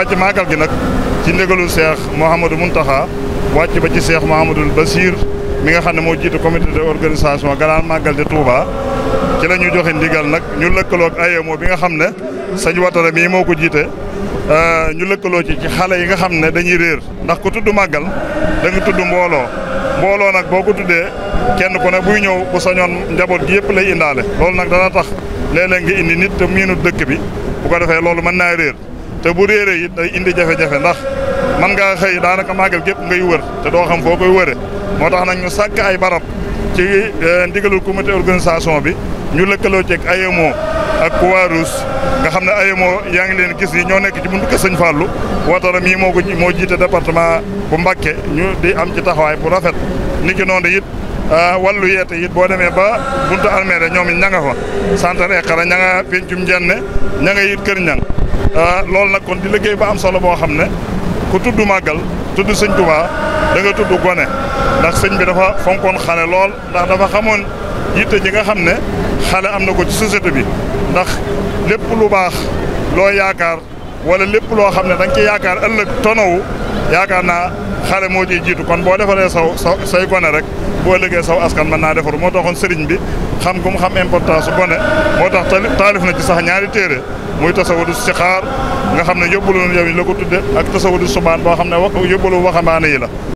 pàcc màggal gi nag ci ndigalu seex Mouhamadou Mountakha wàcc ba ci seex Mouhamadoul Basir mi nga xam ne moo jiitu comité de organisation Grand Magal de Touba ci la ñu joxe ndigal nag ñu lëkkaloo ak e moo bi nga xam ne sëñ Watara mii moo ko jiite euh, ñu lëkkaloo ci ci xale yi nga xam ne dañuy réer ndax ku tudd màggal da tudd mbooloo mbooloo nag boo ko tuddee kenn ku ne buy ñëw bu sañoon njaboot gi yëpp lay indaale loolu nag dana tax léeg-léeg nga indi bi bu te bu réeree it day indi jafe-jafe ndax man nga xëy daanaka màggal gépp ngay wër te doo xam foo koy wëre moo tax nag ñu sàkk ay barab ci eh, ndigalul comité organisation bi ñu lëkkaloo ceeg AMO e ak Croix-Rouge nga xam ne AMO e yaa ngi leen gis yi ñoo nekk ci buntu kër Sëñ Fallou Watara mii moo ko moo jiite département bu Mbacké ñu di am ci taxawaay bu rafet niki noonu it Ah, wàllu yeete it boo demee ba buntu armée ñoom it ña nga fa santar eqara ña nga pencum jenne ña nga it kër ñang ah, loolu nag kon di liggéey ba am solo boo xam ne ku tudd màggal tudd sëñ Tuubaa da nga tudd gone ndax sëñ bi dafa fonkoon xale lool ndax dafa xamoon yitte ji nga xam ne xale am na ko ci société bi ndax lépp lu baax loo yaakaar wala lépp loo xam ne da nga ci yaakaar ëllëg tonowu yaakaar naa xale moo ciy jiitu kon boo defaree saw sa say gone rek boo ëllëgee saw askan mën naa defaru moo taxoon sëriñ bi xam gu mu xam importance su gone moo tax taalif na ci sax ñaari téere muy tasawudu sixaar nga xam ne yóbbalu yow yi la ko tudde ak tasawudu subaan boo xam ne yóbbalu waxambaane yi la